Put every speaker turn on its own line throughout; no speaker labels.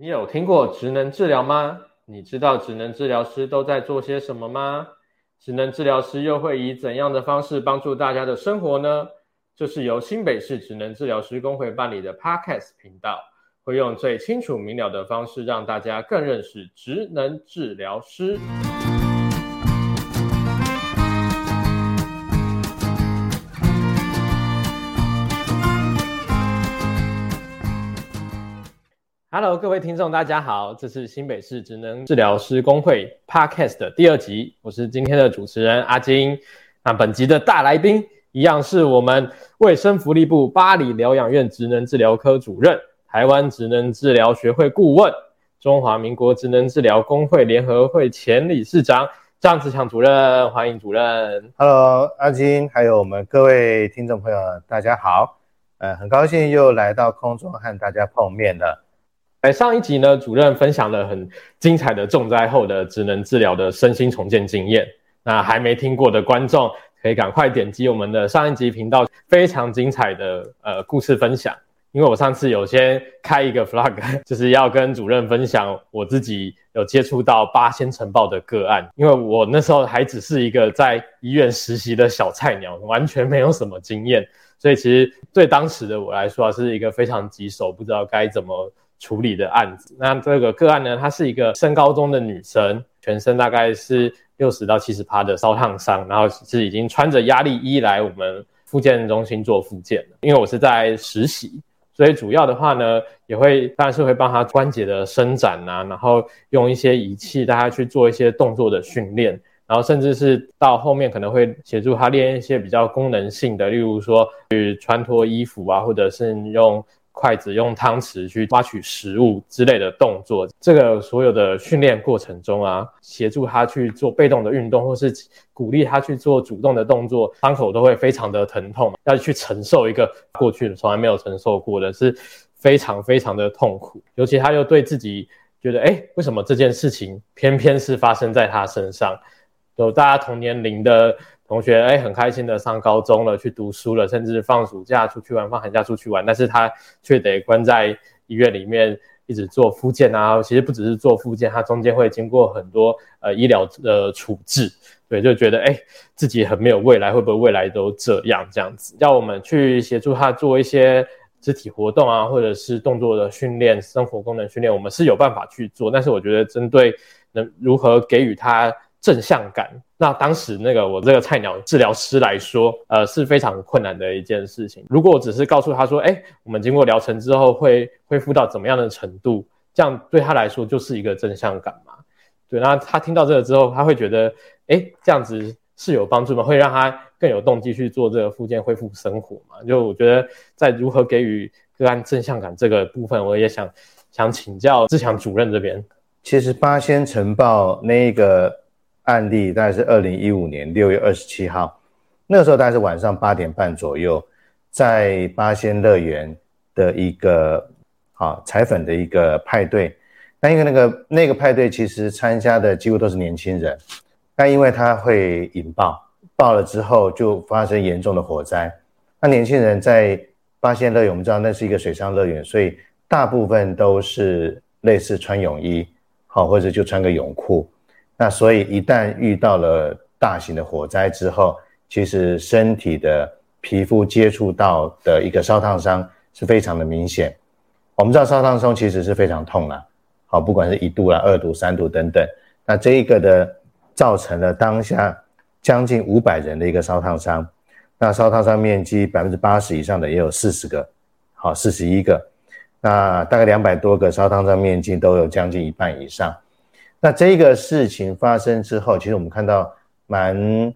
你有聽過職能治療嗎？你知道職能治療師都在做些什麼嗎？職能治療師又會以怎樣的方式幫助大家的生活呢？這，就是由新北市職能治療師公會辦理的 Podcast 頻道，會用最清楚明了的方式讓大家更認識職能治療師。哈嘍，Hello, 各位聽眾，大家好！這是新北市職能治療師公會 Podcast 的第二集，我是今天的主持人阿金。那本集的大來賓一樣是我們衛生福利部八里療養院職能治療科主任、台灣職能治療學會顧問、中華民國職能治療公會聯合會前理事長張自強主任，歡迎主任。
哈嘍，阿金，還有我們各位聽眾朋友，大家好！呃，很高興又來到空中和大家碰面了。在、欸、上一
集呢，主任分享了很精彩的重災後的職能治療的身心重建經驗。那還沒聽過的觀眾，可以趕快點擊我們的上一集頻道，非常精彩的呃故事分享。因為我上次有先開一個 flag，就是要跟主任分享我自己有接觸到八仙塵爆的個案。因為我那時候還只是一個在醫院實習的小菜鳥，完全沒有什麼經驗，所以其實對當時的我來說是一個非常棘手，不知道該怎麼處理的案子，那這個個案呢，她是一個升高中的女生，全身大概是六十到七十趴的燒燙傷，然後是已經穿着壓力衣來我們復健中心做復健了。因為我是在實習，所以主要的話呢，也會當然是會幫她關節的伸展啊，然後用一些儀器帶她去做一些動作的訓練，然後甚至是到後面可能會協助她練一些比較功能性的，例如說去穿脫衣服啊，或者是用。筷子、用湯匙去抓取食物之類的動作，這個所有的訓練過程中啊，協助他去做被動的運動，或是鼓勵他去做主動的動作，傷口都會非常的疼痛，要去承受一個過去從來沒有承受過的是非常非常的痛苦。尤其他又對自己覺得，哎、欸，為什麼這件事情偏偏是發生在他身上？有大家同年齡的，同學哎、欸，很開心的上高中了，去讀書了，甚至放暑假出去玩，放寒假出去玩，但是他卻得關在醫院裡面，一直做復健啊。其實不只是做復健，他中間會經過很多呃醫療的處置，對，就覺得哎、欸，自己很沒有未來，會不會未來都這樣這樣子？要我們去協助他做一些肢體活動啊，或者是動作的訓練、生活功能訓練，我們是有辦法去做。但是我覺得，針對能如何給予他正向感？那當時那個我這個菜鳥治療師來說，呃，是非常困難的一件事情。如果我只是告訴他說，哎、欸，我們經過療程之後會恢復到怎麼樣的程度，這樣對他來說就是一個正向感嘛？對，那他聽到這個之後，他會覺得，哎、欸，這樣子是有幫助嗎？會讓他更有動機去做這個復健、恢復生活嘛？就我覺得，在如何給予個案正向感這個部分，我也想想請教
自強主任這邊。其實八仙塵爆那個。案例大概是二零一五年六月二十七號，那個時候大概是晚上八點半左右，在八仙樂園的一個啊彩粉的一個派對。那因為那個那個派對，其實參加的幾乎都是年輕人。但因為他會引爆，爆了之後就發生嚴重的火災。那年輕人在八仙樂園，我們知道那是一個水上樂園，所以大部分都是類似穿泳衣，好，或者就穿個泳褲。那所以一旦遇到了大型的火災之後，其實身體的皮膚接觸到的一個燒燙傷是非常的明顯。我們知道燒燙傷其實是非常痛啦、啊。好，不管是一度啦、啊、二度、三度等等。那這一個的造成了當下將近五百人的一個燒燙傷，那燒燙傷面積百分之八十以上的也有四十個，好，四十一個，那大概兩百多個燒燙傷面積都有將近一半以上。那這個事情發生之後，其實我們看到蠻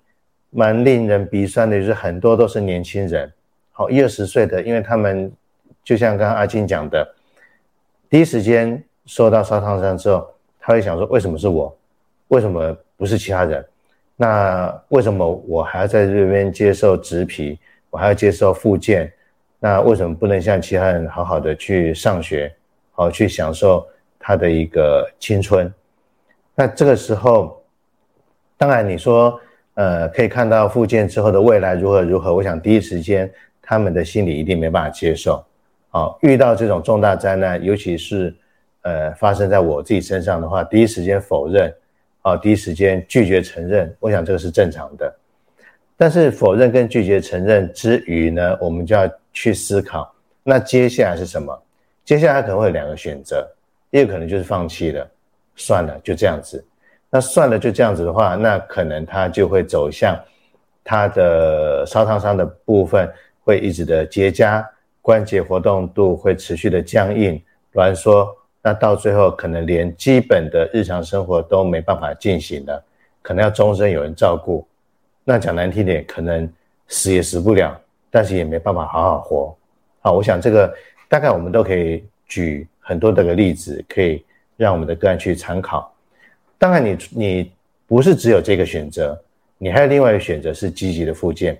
蠻令人鼻酸的，就是很多都是年輕人，好，一二十歲的，因為他們就像剛剛阿金講的，第一時間受到燒燙傷之後，他會想說：為什麼是我？為什麼不是其他人？那為什麼我還要在這邊接受植皮？我還要接受復健？那為什麼不能像其他人好好的去上學？好去享受他的一個青春？那這個時候，當然你說，呃，可以看到復健之後的未來如何如何，我想第一時間他們的心裡一定沒辦法接受。好、哦，遇到這種重大災難，尤其是，呃，發生在我自己身上的話，第一時間否認，啊、哦，第一時間拒絕承認，我想這個是正常的。但是否認跟拒絕承認之餘呢，我們就要去思考，那接下來是什麼？接下來可能會有兩個選擇，也有可能就是放棄了。算了，就這樣子。那算了，就這樣子的話，那可能他就會走向他的燒燙傷的部分會一直的結痂，關節活動度會持續的僵硬、攣縮。那到最後可能連基本的日常生活都沒辦法進行了，可能要終身有人照顧。那講難聽點，可能死也死不了，但是也沒辦法好好活。好，我想這個大概我們都可以舉很多的個例子，可以。讓我們的個案去參考，當然你，你你不是只有這個選擇，你還有另外一個選擇是積極的復健。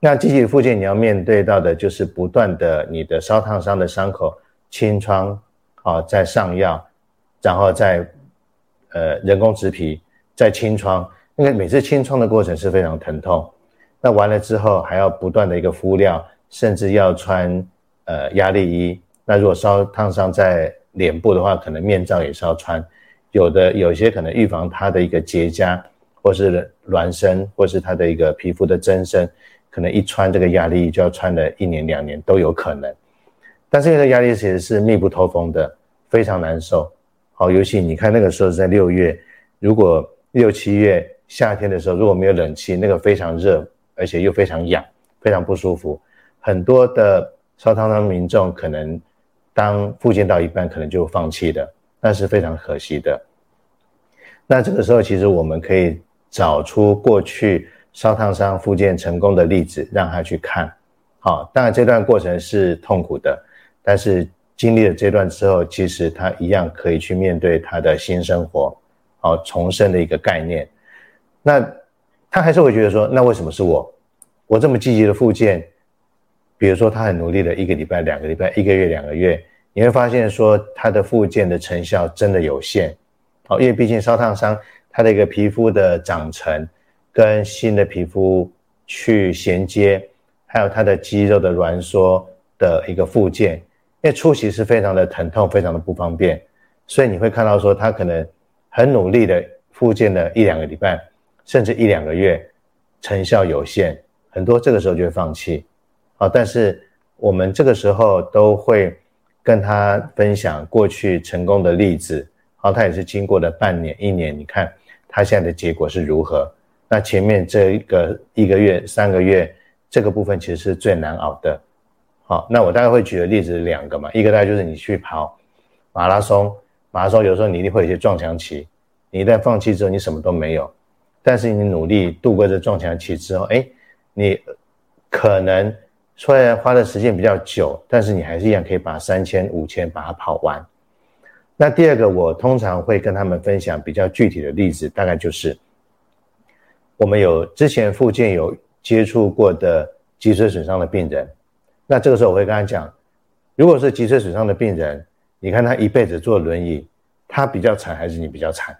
那積極的復健，你要面對到的就是不斷的你的燒燙傷的傷口清創啊、哦，再上藥，然後再呃人工植皮，再清創。因為每次清創的過程是非常疼痛，那完了之後還要不斷的一個敷料，甚至要穿呃壓力衣。那如果燒燙傷在臉部的話，可能面罩也是要穿，有的有些可能預防它的一個結痂，或是卵生，或是它的一個皮膚的增生，可能一穿這個壓力衣就要穿的一年兩年都有可能。但是這個壓力衣其實是密不透風的，非常難受。好，尤其你看那個時候在六月，如果六七月夏天的時候如果沒有冷氣，那個非常熱，而且又非常癢，非常不舒服。很多的燒燙傷民眾可能，當復健到一半，可能就放棄的，那是非常可惜的。那這個時候，其實我們可以找出過去燒燙傷復健成功的例子，讓他去看。好，當然這段過程是痛苦的，但是經歷了這段之後，其實他一樣可以去面對他的新生活。好，重生的一個概念。那他還是會覺得說，那為什麼是我？我這麼積極的復健。比如說，他很努力的一個禮拜、兩個禮拜、一個月、兩個月，你會發現說他的復健的成效真的有限，哦，因為畢竟燒燙傷，他的一個皮膚的長成，跟新的皮膚去銜接，還有他的肌肉的攣縮的一個復健，因為初期是非常的疼痛，非常的不方便，所以你會看到說他可能很努力的復健了一兩個禮拜，甚至一兩個月，成效有限，很多這個時候就會放棄。好，但是我們這個時候都會跟他分享過去成功的例子，然後他也是經過了半年、一年，你看他現在的結果是如何？那前面這個一個月、三個月這個部分其實是最難熬的。好，那我大概會舉的例子兩個嘛，一個大概就是你去跑馬拉松，馬拉松有時候你一定會有些撞牆期，你一旦放棄之後你什麼都沒有，但是你努力度過這撞牆期之後，哎，你可能。雖然花的時間比較久，但是你還是一樣可以把三千、五千把它跑完。那第二個，我通常會跟他們分享比較具體的例子，大概就是我們有之前附近有接觸過的脊髓損傷的病人。那這個時候我會跟他講，如果是脊髓損傷的病人，你看他一輩子坐輪椅，他比較慘還是你比較慘？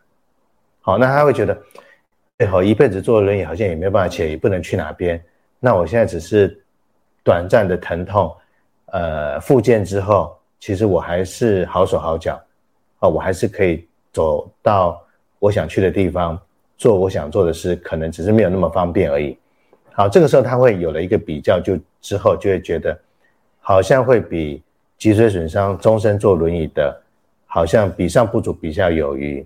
好，那他會覺得，哎，好一輩子坐輪椅好像也沒有辦法且也不能去哪邊。那我現在只是。短暫的疼痛，呃，復健之後，其實我還是好手好腳，啊、哦，我還是可以走到我想去的地方，做我想做的事，可能只是沒有那麼方便而已。好，這個時候他會有了一個比較，就之後就會覺得，好像會比脊髓損傷終身坐輪椅的，好像比上不足，比下有餘。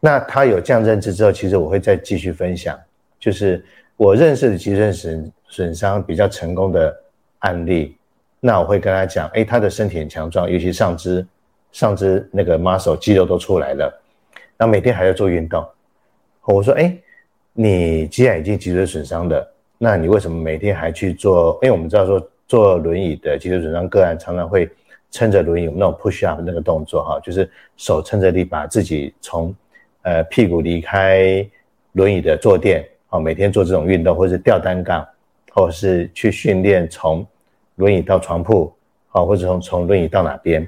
那他有這樣認知之後，其實我會再繼續分享，就是。我認識的脊椎損傷損傷比較成功的案例，那我會跟他講，誒、欸，他的身體很強壯，尤其上肢，上肢那個 muscle 肌肉都出來了，那每天還要做運動。我說，誒、欸，你既然已經脊椎損傷了，那你為什麼每天還去做？因為我們知道說，坐輪椅的脊椎損傷個案常常會撐着輪椅有那種 push up 那個動作哈，就是手撐着力把自己從，呃，屁股離開輪椅的坐墊。哦，每天做這種運動，或者是吊單槓，或者是去訓練從輪椅到床鋪，哦，或者從從輪椅到哪邊？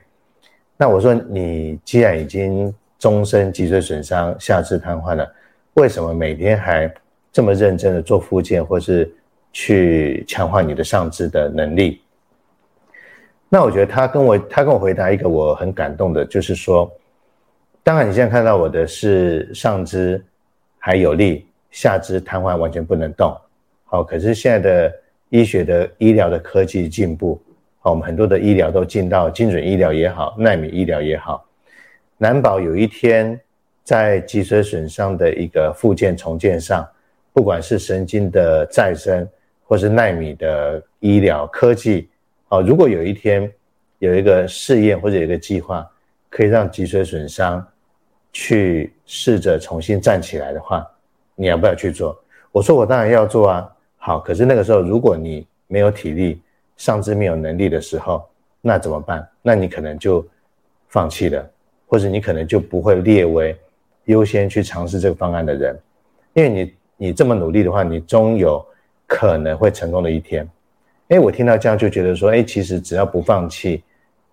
那我說，你既然已經終身脊髓損傷，下肢癱瘓了，為什麼每天還這麼認真的做復健，或是去強化你的上肢的能力？那我覺得他跟我他跟我回答一個我很感動的，就是說，當然你現在看到我的是上肢還有力。下肢癱瘓完全不能動，好、哦，可是現在的醫學的醫療的科技進步，好、哦，我們很多的醫療都進到精準醫療也好，奈米醫療也好，難保有一天在脊髓損傷的一個復健重建上，不管是神經的再生或是奈米的醫療科技，啊、哦，如果有一天有一個試驗或者有一個計劃可以讓脊髓損傷去試着重新站起來的話。你要不要去做？我說我當然要做啊。好，可是那個時候如果你沒有體力、上肢沒有能力的時候，那怎麼辦？那你可能就放棄了，或者你可能就不會列為優先去嘗試這個方案的人，因為你你這麼努力的話，你終有可能會成功的一天。哎，我聽到這樣就覺得說，哎，其實只要不放棄，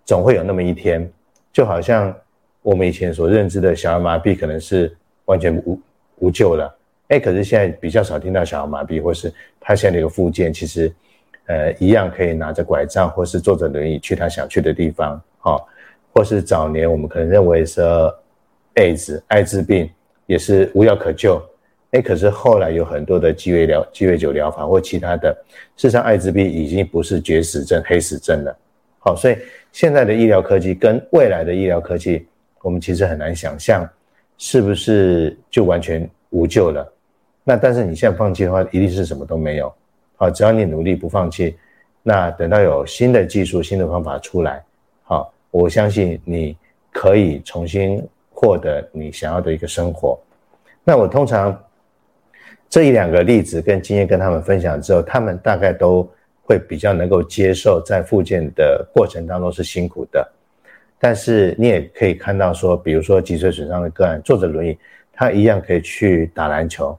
總會有那麼一天。就好像我們以前所認知的小兒麻痹，可能是完全無無救了。哎，可是現在比較少聽到小兒麻痹或是他現在有個附件，其實，呃，一樣可以拿着拐杖或是坐着輪椅去他想去的地方，好，哦，或是早年我們可能認為是 AIDS，艾滋病也是無藥可救，哎，可是後來有很多的雞尾療、雞尾酒療法或其他的，事實上艾滋病已經不是絕死症、黑死症了，好，哦，所以現在的醫療科技跟未來的醫療科技，我們其實很難想象是不是就完全無救了。那但是你現在放棄的話，一定是什麼都沒有，啊！只要你努力不放棄，那等到有新的技術、新的方法出來，好，我相信你可以重新獲得你想要的一個生活。那我通常這一兩個例子跟經驗跟他們分享之後，他們大概都會比較能夠接受，在復健的過程當中是辛苦的，但是你也可以看到說，比如說脊髓損傷的個案坐着輪椅，他一樣可以去打籃球。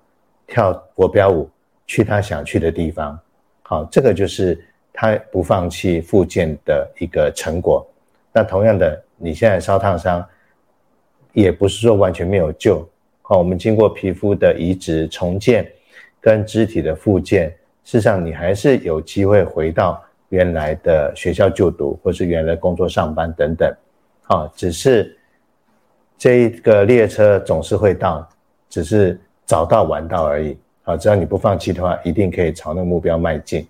跳國標舞，去他想去的地方，好，這個就是他不放棄復健的一個成果。那同樣的，你現在燒燙傷，也不是說完全沒有救。好，我們經過皮膚的移植重建，跟肢體的復健，事實上你還是有機會回到原來的學校就讀，或是原來工作上班等等。好，只是這一個列車總是會到，只是。早到晚到而已，好，只要你不放棄的話，一定可以朝那個目標邁進。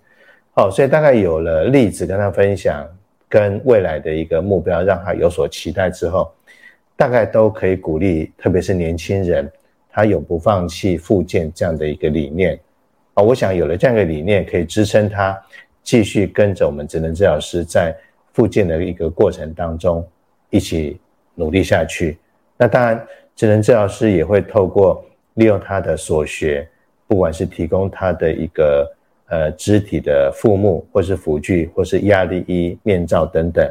好，所以大概有了例子跟他分享，跟未來的一個目標，讓他有所期待之後，大概都可以鼓勵，特別是年輕人，他永不放棄復健這樣的一個理念。啊，我想有了這樣一個理念，可以支撐他繼續跟着我們職能治療師在復健的一個過程當中一起努力下去。那當然，職能治療師也會透過。利用他的所學，不管是提供他的一個呃肢體的副木，或是輔具，或是壓力衣、面罩等等，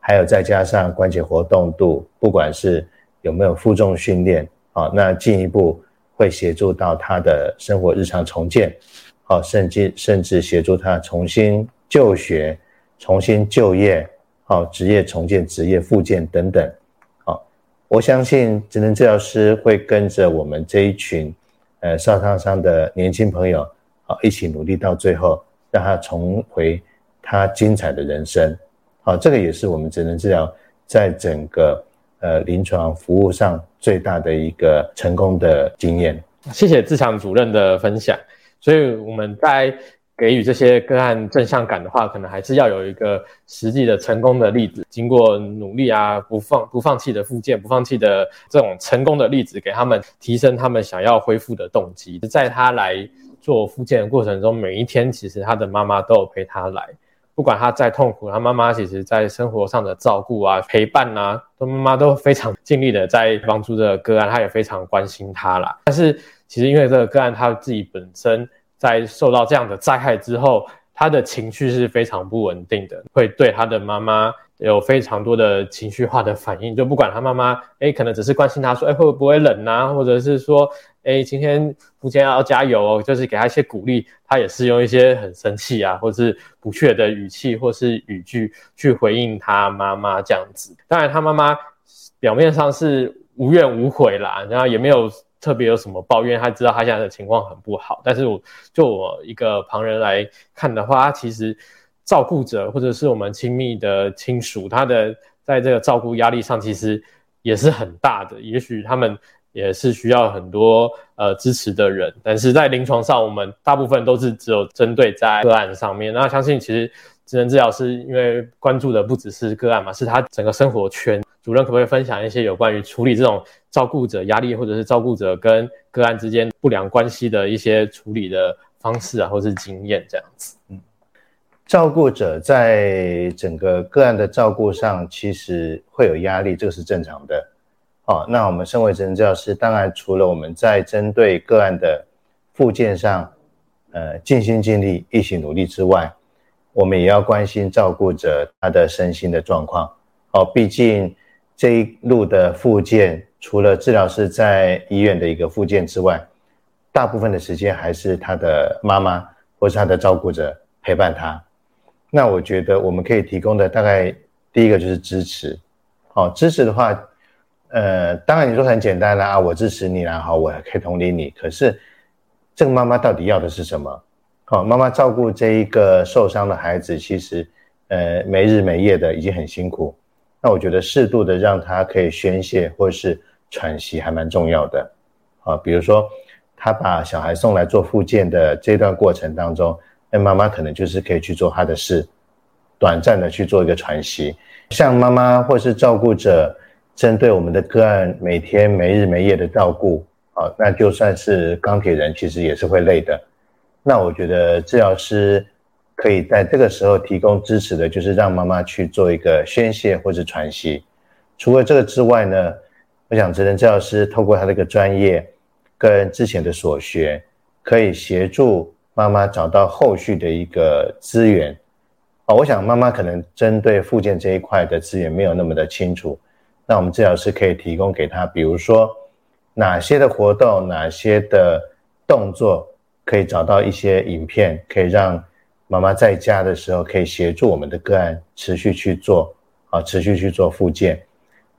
還有再加上關節活動度，不管是有沒有負重訓練啊，那進一步會協助到他的生活日常重建，哦，甚至甚至協助他重新就學、重新就業，哦，職業重建、職業復健等等。我相信職能治療師會跟着我們這一群，呃，燒燙傷的年輕朋友，好、哦、一起努力到最後，讓他重回他精彩的人生，好、哦，這個也是我們職能治療在整個呃臨床服務上最大的一個成功的經驗。謝謝自強主任
的分享，所以我們在。給予這些個案正向感的話，可能還是要有一個實際的成功的例子，經過努力啊，不放不放棄的復健，不放棄的這種成功的例子，給他們提升他們想要恢復的動機。在他來做復健的過程中，每一天其實他的媽媽都有陪他來，不管他再痛苦，他媽媽其實在生活上的照顧啊、陪伴啊，都媽媽都非常盡力的在幫助這個個案，他也非常關心他啦。但是其實因為這個個案他自己本身。在受到這樣的災害之後，他的情緒是非常不穩定的，會對他的媽媽有非常多的情緒化的反應。就不管他媽媽，哎、欸，可能只是關心他說，哎、欸，會不會冷吶、啊？或者是說，哎、欸，今天復健要加油哦，就是給他一些鼓勵，他也是用一些很生氣啊，或是不屑的語氣或是語句去回應他媽媽這樣子。當然，他媽媽表面上是無怨無悔啦，然後也沒有。特別有什麼抱怨？他知道他現在的情況很不好，但是我就我一個旁人來看的話，他其實照顧者或者是我們親密的親屬，他的在這個照顧壓力上其實也是很大的。也許他們也是需要很多呃支持的人，但是在臨床上，我們大部分都是只有針對在個案上面。那相信其實職能治療師因為關注的不只是個案嘛，是他整個生活圈。主任可不可以分享一些有關於處理這種？照顧者壓力，或者是照顧者跟個案之間不良關係的一些處理的方式啊，或是經驗這樣子。嗯，
照顧者在整個個案的照顧上，其實會有壓力，這個是正常的。哦，那我們身為職能教師，當然除了我們在針對個案的復健上，呃，盡心盡力一起努力之外，我們也要關心照顧者他的身心的狀況。哦，畢竟這一路的復健。除了治療師在醫院的一個復健之外，大部分的時間還是他的媽媽或是他的照顧者陪伴他。那我覺得我們可以提供的大概第一個就是支持。哦，支持的話，呃，當然你說很簡單啦、啊，我支持你啦，好，我可以同理你。可是這個媽媽到底要的是什麼？哦，媽媽照顧這一個受傷的孩子，其實呃沒日沒夜的已經很辛苦。那我覺得適度的讓他可以宣洩，或是喘息還蠻重要的，啊，比如說，他把小孩送來做復健的這段過程當中，那媽媽可能就是可以去做她的事，短暫的去做一個喘息。像媽媽或是照顧者，針對我們的個案每天，每天沒日沒夜的照顧，啊，那就算是鋼鐵人，其實也是會累的。那我覺得治療師可以在這個時候提供支持的，就是讓媽媽去做一個宣泄或者喘息。除了這個之外呢？我想，職能治療師透過他這個專業跟之前的所學，可以協助媽媽找到後續的一個資源。啊，我想媽媽可能針對復健這一塊的資源沒有那麼的清楚，那我們治療師可以提供給他，比如說哪些的活動、哪些的動作可以找到一些影片，可以讓媽媽在家的時候可以協助我們的個案持續去做啊，持續去做復健。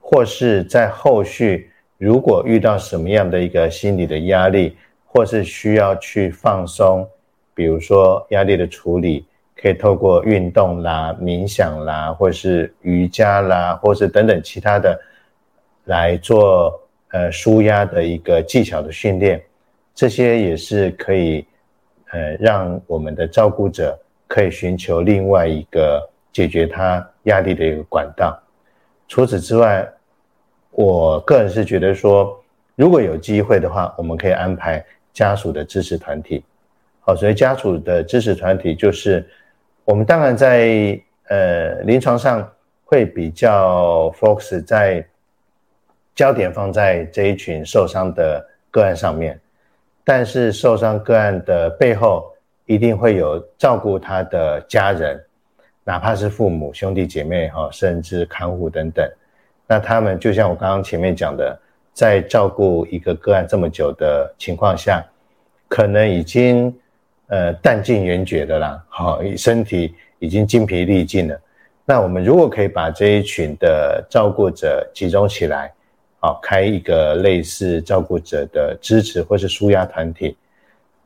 或是在後續，如果遇到什麼樣的一個心理的壓力，或是需要去放鬆，比如說壓力的處理，可以透過運動啦、冥想啦，或是瑜伽啦，或是等等其他的來做呃舒壓的一個技巧的訓練，這些也是可以呃讓我們的照顧者可以尋求另外一個解決他壓力的一個管道。除此之外，我個人是覺得說，如果有機會的話，我們可以安排家屬的支持團體。好，所以家屬的支持團體就是，我們當然在呃臨床上會比較 focus 在焦點放在這一群受傷的個案上面，但是受傷個案的背後一定會有照顧他的家人，哪怕是父母、兄弟姐妹哈，甚至看護等等。那他們就像我剛剛前面講的，在照顧一個個案這麼久的情況下，可能已經呃彈盡援絕的啦，好，身體已經筋疲力盡了。那我們如果可以把這一群的照顧者集中起來，好，開一個類似照顧者的支持或是舒壓團體，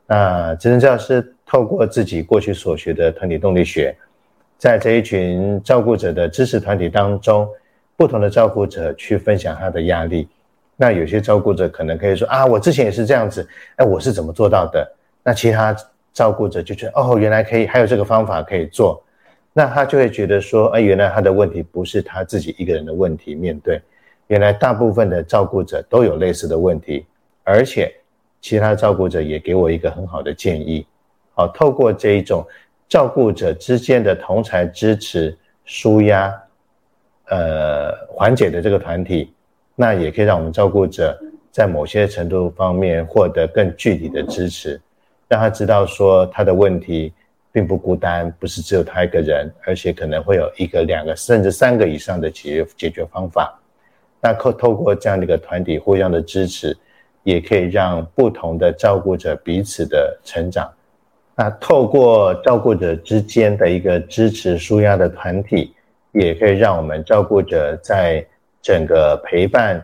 那真正是透過自己過去所學的團體動力學，在這一群照顧者的支持團體當中。不同的照顧者去分享他的壓力，那有些照顧者可能可以說啊，我之前也是這樣子，哎，我是怎麼做到的？那其他照顧者就覺得哦，原來可以，還有這個方法可以做，那他就會覺得說，哎、呃，原來他的問題不是他自己一個人的問題，面對原來大部分的照顧者都有類似的問題，而且其他照顧者也給我一個很好的建議，好，透過這一種照顧者之間的同儕支持紓壓。呃，緩解的這個團體，那也可以讓我們照顧者在某些程度方面獲得更具體的支持，讓他知道說他的問題並不孤單，不是只有他一個人，而且可能會有一個、兩個，甚至三個以上的解決解決方法。那透透過這樣的一個團體互相的支持，也可以讓不同的照顧者彼此的成長。那透過照顧者之間的一個支持舒壓的團體，也可以讓我們照顧者在整個陪伴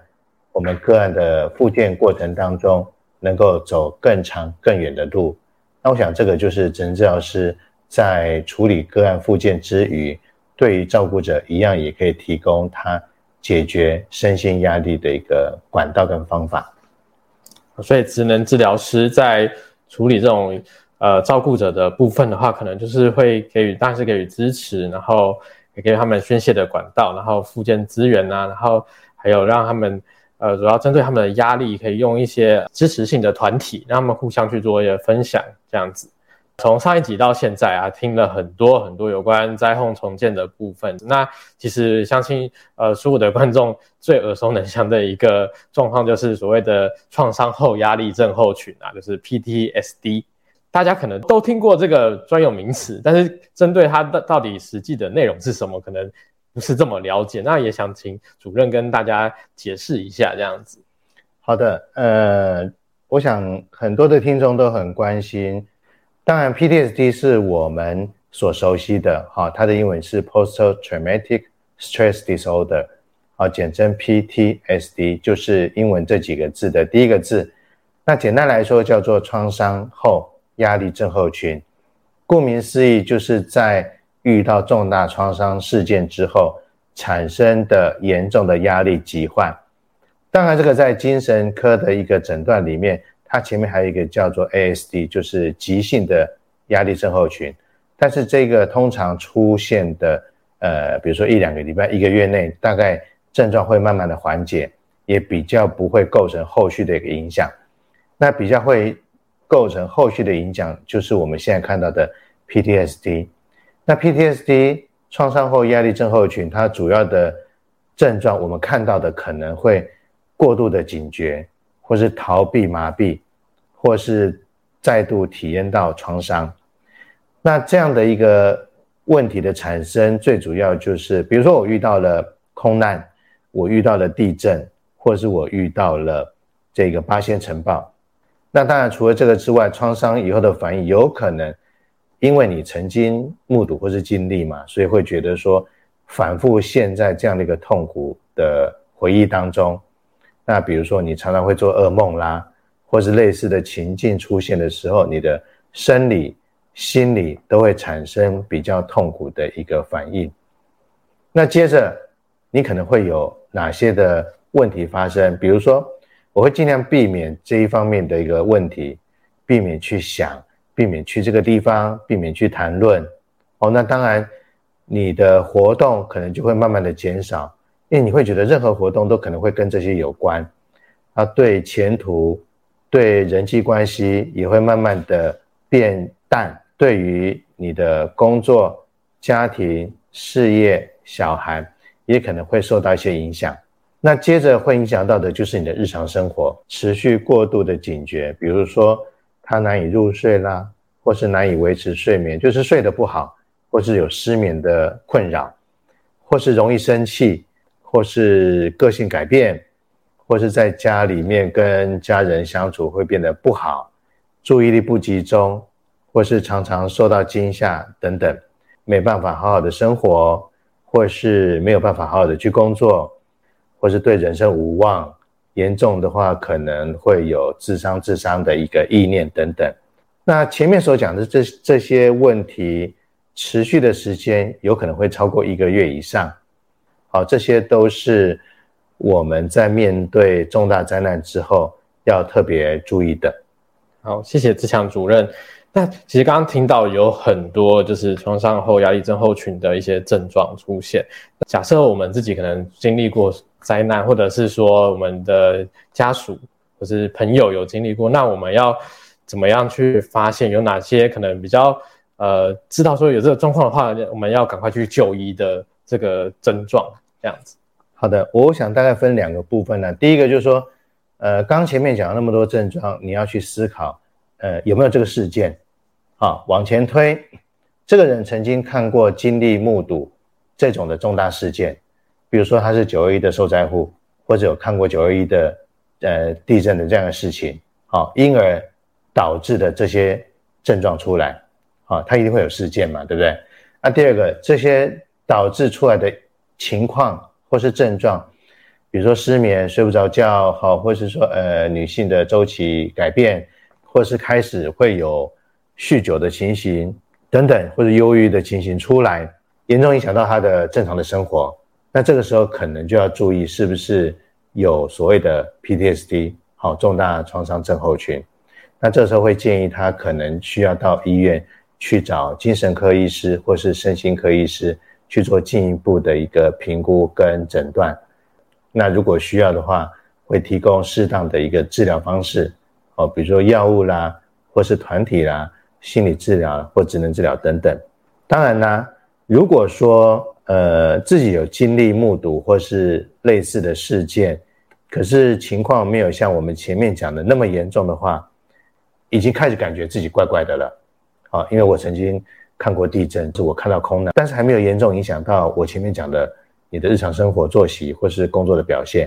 我們個案的復健過程當中，能夠走更長更遠的路。那我想，這個就是職能治療師在處理個案復健之餘，對於照顧者一樣也可以提供他解決身心壓力的一個管道跟方法。
所以，職能治療師在處理這種呃照顧者的部分的話，可能就是會給予，但是給予支持，然後。給他們宣洩的管道，然後附件資源啊，然後還有讓他們呃，主要針對他們的壓力，可以用一些支持性的團體，讓他們互相去做一些分享。這樣子，從上一集到現在啊，聽了很多很多有關災後重建的部分。那其實相信呃，所有的觀眾最耳熟能詳的一個狀況，就是所謂的創傷後壓力症候群啊，就是 PTSD。大家可能都聽過這個專有名詞，但是針對它的到底實際的內容是什麼，可能不是這麼了解。那也想請主任跟大家解釋一下，這樣子。
好的，呃，我想很多的聽眾都很關心，當然 PTSD 是我們所熟悉的哈，哦，它的英文是 Post Traumatic Stress Disorder，哦，簡稱 PTSD，就是英文這幾個字的第一個字。那簡單來說，叫做創傷後。壓力症候群，顧名思義，就是在遇到重大創傷事件之後產生的嚴重的壓力疾患。當然，這個在精神科的一個診斷裡面，它前面還有一個叫做 ASD，就是急性的壓力症候群。但是這個通常出現的，呃，比如說一兩個禮拜、一個月內，大概症狀會慢慢的緩解，也比較不會構成後續的一個影響。那比較會。構成後續的影響，就是我們現在看到的 PTSD。那 PTSD 創傷後壓力症候群，它主要的症狀，我們看到的可能會過度的警覺，或是逃避麻痹，或是再度體驗到創傷。那這樣的一個問題的產生，最主要就是，比如說我遇到了空難，我遇到了地震，或是我遇到了這個八仙塵暴。那當然，除了這個之外，創傷以後的反應有可能，因為你曾經目睹或是經歷嘛，所以會覺得說，反覆陷在這樣的一個痛苦的回憶當中。那比如說，你常常會做噩夢啦，或是類似的情境出現的時候，你的生理、心理都會產生比較痛苦的一個反應。那接着，你可能會有哪些的問題發生，比如說。我會盡量避免這一方面的一個問題，避免去想，避免去這個地方，避免去談論。哦，那當然，你的活動可能就會慢慢的減少，因為你會覺得任何活動都可能會跟這些有關。啊，對前途、對人際關係也會慢慢的變淡，對於你的工作、家庭、事業、小孩，也可能會受到一些影響。那接着會影響到的就是你的日常生活，持續過度的警覺，比如說他難以入睡啦，或是難以維持睡眠，就是睡得不好，或是有失眠的困擾，或是容易生氣，或是個性改變，或是在家裡面跟家人相處會變得不好，注意力不集中，或是常常受到驚嚇等等，沒辦法好好的生活，或是沒有辦法好好的去工作。或是對人生無望，嚴重的話可能會有自傷、自殺的一個意念等等。那前面所講的這這些問題，持續的時間有可能會超過一個月以上。好、啊，這些都是我們在面對重大災難之後要特別注意的。好，謝謝自強主
任。那其實剛剛聽到有很多就是創傷後壓力症候群的一些症狀出現。假設我們自己可能經歷過。災難，或者是說我們的家屬或者是朋友有經歷過，那我們要怎麼樣去發現有哪些可能比較呃知道說有這個狀況的話，我們要趕快去就醫的這個症狀這樣子。
好的，我想大概分兩個部分呢、啊。第一個就是說，呃，剛前面講了那麼多症狀，你要去思考，呃，有沒有這個事件？好、哦、往前推，這個人曾經看過、經歷、目睹這種的重大事件。比如說他是九二一的受災戶，或者有看過九二一的呃地震的這樣的事情，好，因而導致的這些症狀出來，好，他一定會有事件嘛，對不對？那第二個，這些導致出來的情況或是症狀，比如說失眠、睡不着覺，好，或是說呃女性的週期改變，或是開始會有酗酒的情形等等，或者憂鬱的情形出來，嚴重影響到他的正常的生活。那這個時候可能就要注意，是不是有所謂的 PTSD，好、哦、重大創傷症候群。那這時候會建議他可能需要到醫院去找精神科醫師或是身心科醫師去做進一步的一個評估跟診斷。那如果需要的話，會提供適當的一個治療方式，哦，比如說藥物啦，或是團體啦，心理治療或職能治療等等。當然啦，如果說，呃，自己有經歷目睹或是類似的事件，可是情況沒有像我們前面講的那麼嚴重的話，已經開始感覺自己怪怪的了，啊、哦，因為我曾經看過地震，是我看到空難，但是還沒有嚴重影響到我前面講的你的日常生活作息或是工作的表現，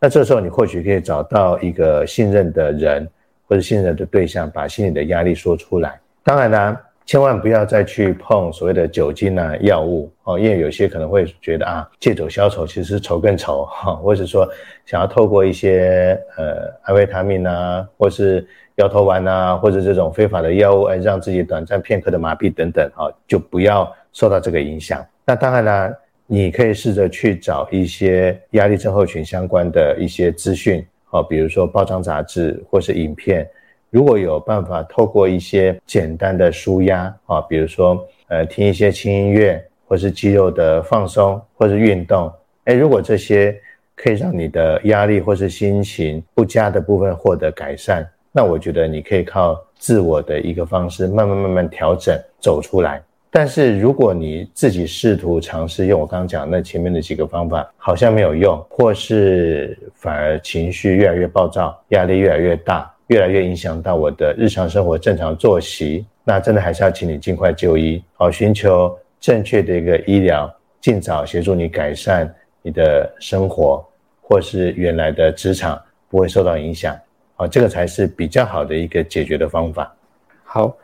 那這時候你或許可以找到一個信任的人或者信任的對象，把心裡的壓力說出來。當然呢、啊。千萬不要再去碰所謂的酒精吶、啊、藥物哦，因為有些可能會覺得啊，借酒消愁，其實愁更愁哈，或者說想要透過一些呃安非他命吶、啊，或是搖頭丸吶、啊，或者這種非法的藥物，讓自己短暫片刻的麻痹等等啊，就不要受到這個影響。那當然啦、啊，你可以試着去找一些壓力症候群相關的一些資訊哦，比如說報章雜誌或是影片。如果有辦法透過一些簡單的舒壓啊，比如說呃聽一些輕音樂，或是肌肉的放鬆，或是運動，哎、欸，如果這些可以讓你的壓力或是心情不佳的部分獲得改善，那我覺得你可以靠自我的一個方式，慢慢慢慢調整走出來。但是如果你自己試圖嘗試用我剛剛講那前面的幾個方法，好像沒有用，或是反而情緒越來越暴躁，壓力越來越大，越來越影響到我的日常生活正常作息，那真的還是要請你儘快就醫，好，尋求正確的一個醫療，儘早協助你改善你的生活，或是原來的職場不會受到影響，好，這個才是比較好的一個解決的方法。好，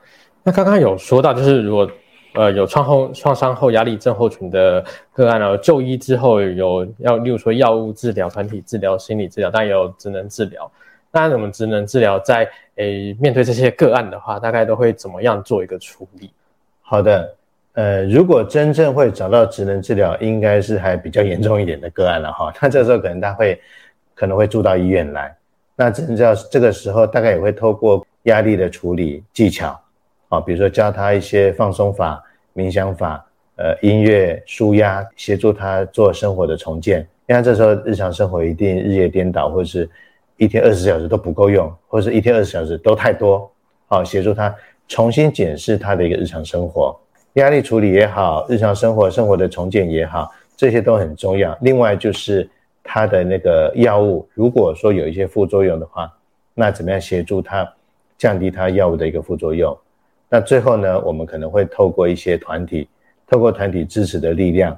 那剛剛有說到就是，如果呃有創後創傷後壓力症候群
的個案呢，然後就醫之後有要例如說藥物治療、團體治療、心理治療，但也有職能治療。當然我們職能治療在誒、欸、面對這些個案的話，大
概都會怎麼樣做一個處理？好的，呃，如果真正會找到職能治療，應該是還比較嚴重一點的個案了哈。那這時候可能他會可能會住到醫院來。那職能治療這個時候大概也會透過壓力的處理技巧，啊，比如說教他一些放鬆法、冥想法、呃音樂舒壓，協助他做生活的重建。因為這時候日常生活一定日夜顛倒，或是。一天二十四小時都不夠用，或者一天二十四小時都太多，好，協助他重新檢視他的一個日常生活，壓力處理也好，日常生活生活的重建也好，這些都很重要。另外就是他的那個藥物，如果說有一些副作用的話，那怎麼樣協助他降低他藥物的一個副作用？那最後呢，我們可能會透過一些團體，透過團體支持的力量，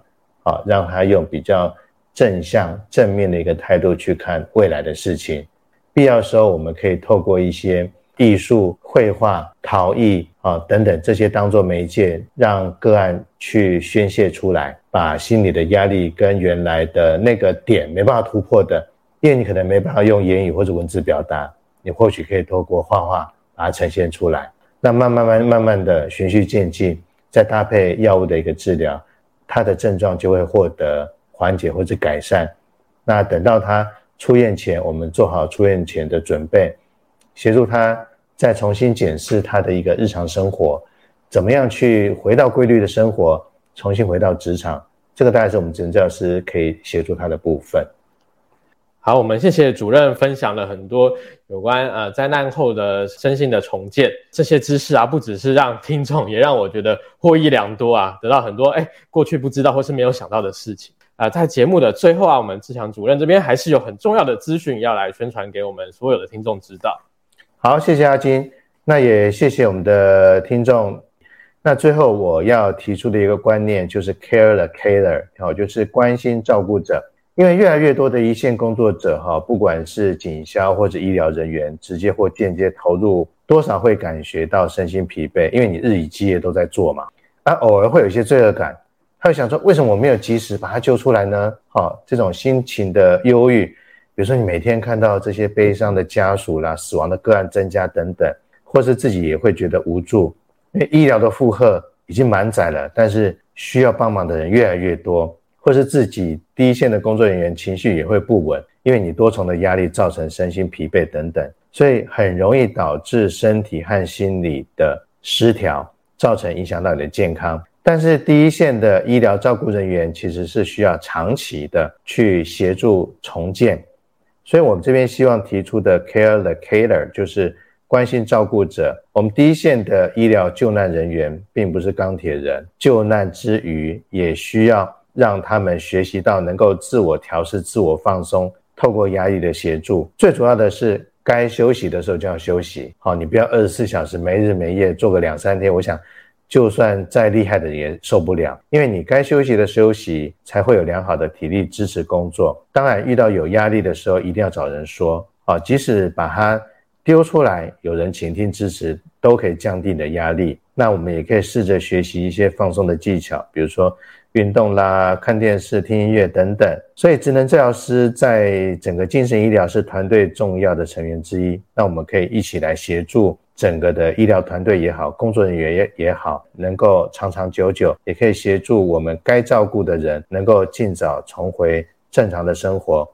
啊，讓他用比較正向、正面的一個態度去看未來的事情。必要的時候，我們可以透過一些藝術、繪畫、陶藝啊等等這些當做媒介，讓個案去宣洩出來，把心理的壓力跟原來的那個點沒辦法突破的，因為你可能沒辦法用言語或者文字表達，你或許可以透過畫畫把它呈現出來。那慢慢慢慢慢的循序漸進，再搭配藥物的一個治療，它的症狀就會獲得緩解或者改善。那等到它。出院前，我們做好出院前的準備，協助他再重新檢視他的一個日常生活，怎麼樣去回到規律的生活，重新回到職場，這個大概是我們職能治療師可以協助他的部分。
好，我們謝謝主任分享了很多有關呃災難後的身心的重建這些知識啊，不只是讓聽眾，也讓我覺得獲益良多啊，得到很多哎，欸，過去不知道或是沒有想到的事情。啊、呃，在節目的最後啊，我們自強主任這邊還是有很重要的資訊要來宣傳給我們所有的聽眾知道。
好，謝謝阿金，那也謝謝我們的聽眾。那最後我要提出的一個觀念就是 “care the carer”，好、哦，就是關心照顧者。因為越來越多的一線工作者哈、哦，不管是警消或者醫療人員，直接或間接投入多少會感覺到身心疲憊，因為你日以繼夜都在做嘛，啊，偶爾會有一些罪惡感。他會想說，為什麼我沒有及時把他救出來呢？哈、哦，這種心情的憂鬱，比如說你每天看到這些悲傷的家屬啦、死亡的個案增加等等，或是自己也會覺得無助，因為醫療的負荷已經滿載了，但是需要幫忙的人越來越多，或是自己第一線的工作人員情緒也會不穩，因為你多重的壓力造成身心疲憊等等，所以很容易導致身體和心理的失調，造成影響到你的健康。但是第一線的醫療照顧人員其實是需要長期的去協助重建，所以我們這邊希望提出的 Care the Cater 就是關心照顧者。我們第一線的醫療救難人員並不是鋼鐵人，救難之餘也需要讓他們學習到能夠自我調試、自我放鬆，透過壓力的協助。最主要的是，該休息的時候就要休息。好，你不要二十四小時沒日沒夜做個兩三天，我想。就算再厲害的人也受不了，因為你該休息的休息，才會有良好的體力支持工作。當然，遇到有壓力的時候，一定要找人說啊，即使把它丟出來，有人傾聽支持，都可以降低你的壓力。那我們也可以試着學習一些放鬆的技巧，比如說運動啦、看電視、聽音樂等等。所以，職能治療師在整個精神醫療是團隊重要的成員之一，那我們可以一起來協助。整個的醫療團隊也好，工作人員也也好，能夠長長久久，也可以協助我們該照顧的人，能夠儘早重回正常的生活。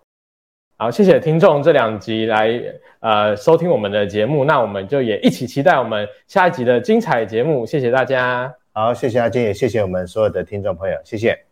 好，謝謝聽眾這兩集來呃收聽我們的節目，那我們就也一起期待我們下一
集的精彩節目。謝謝大家。好，謝謝阿金，也謝謝我們所有的聽眾朋友，謝謝。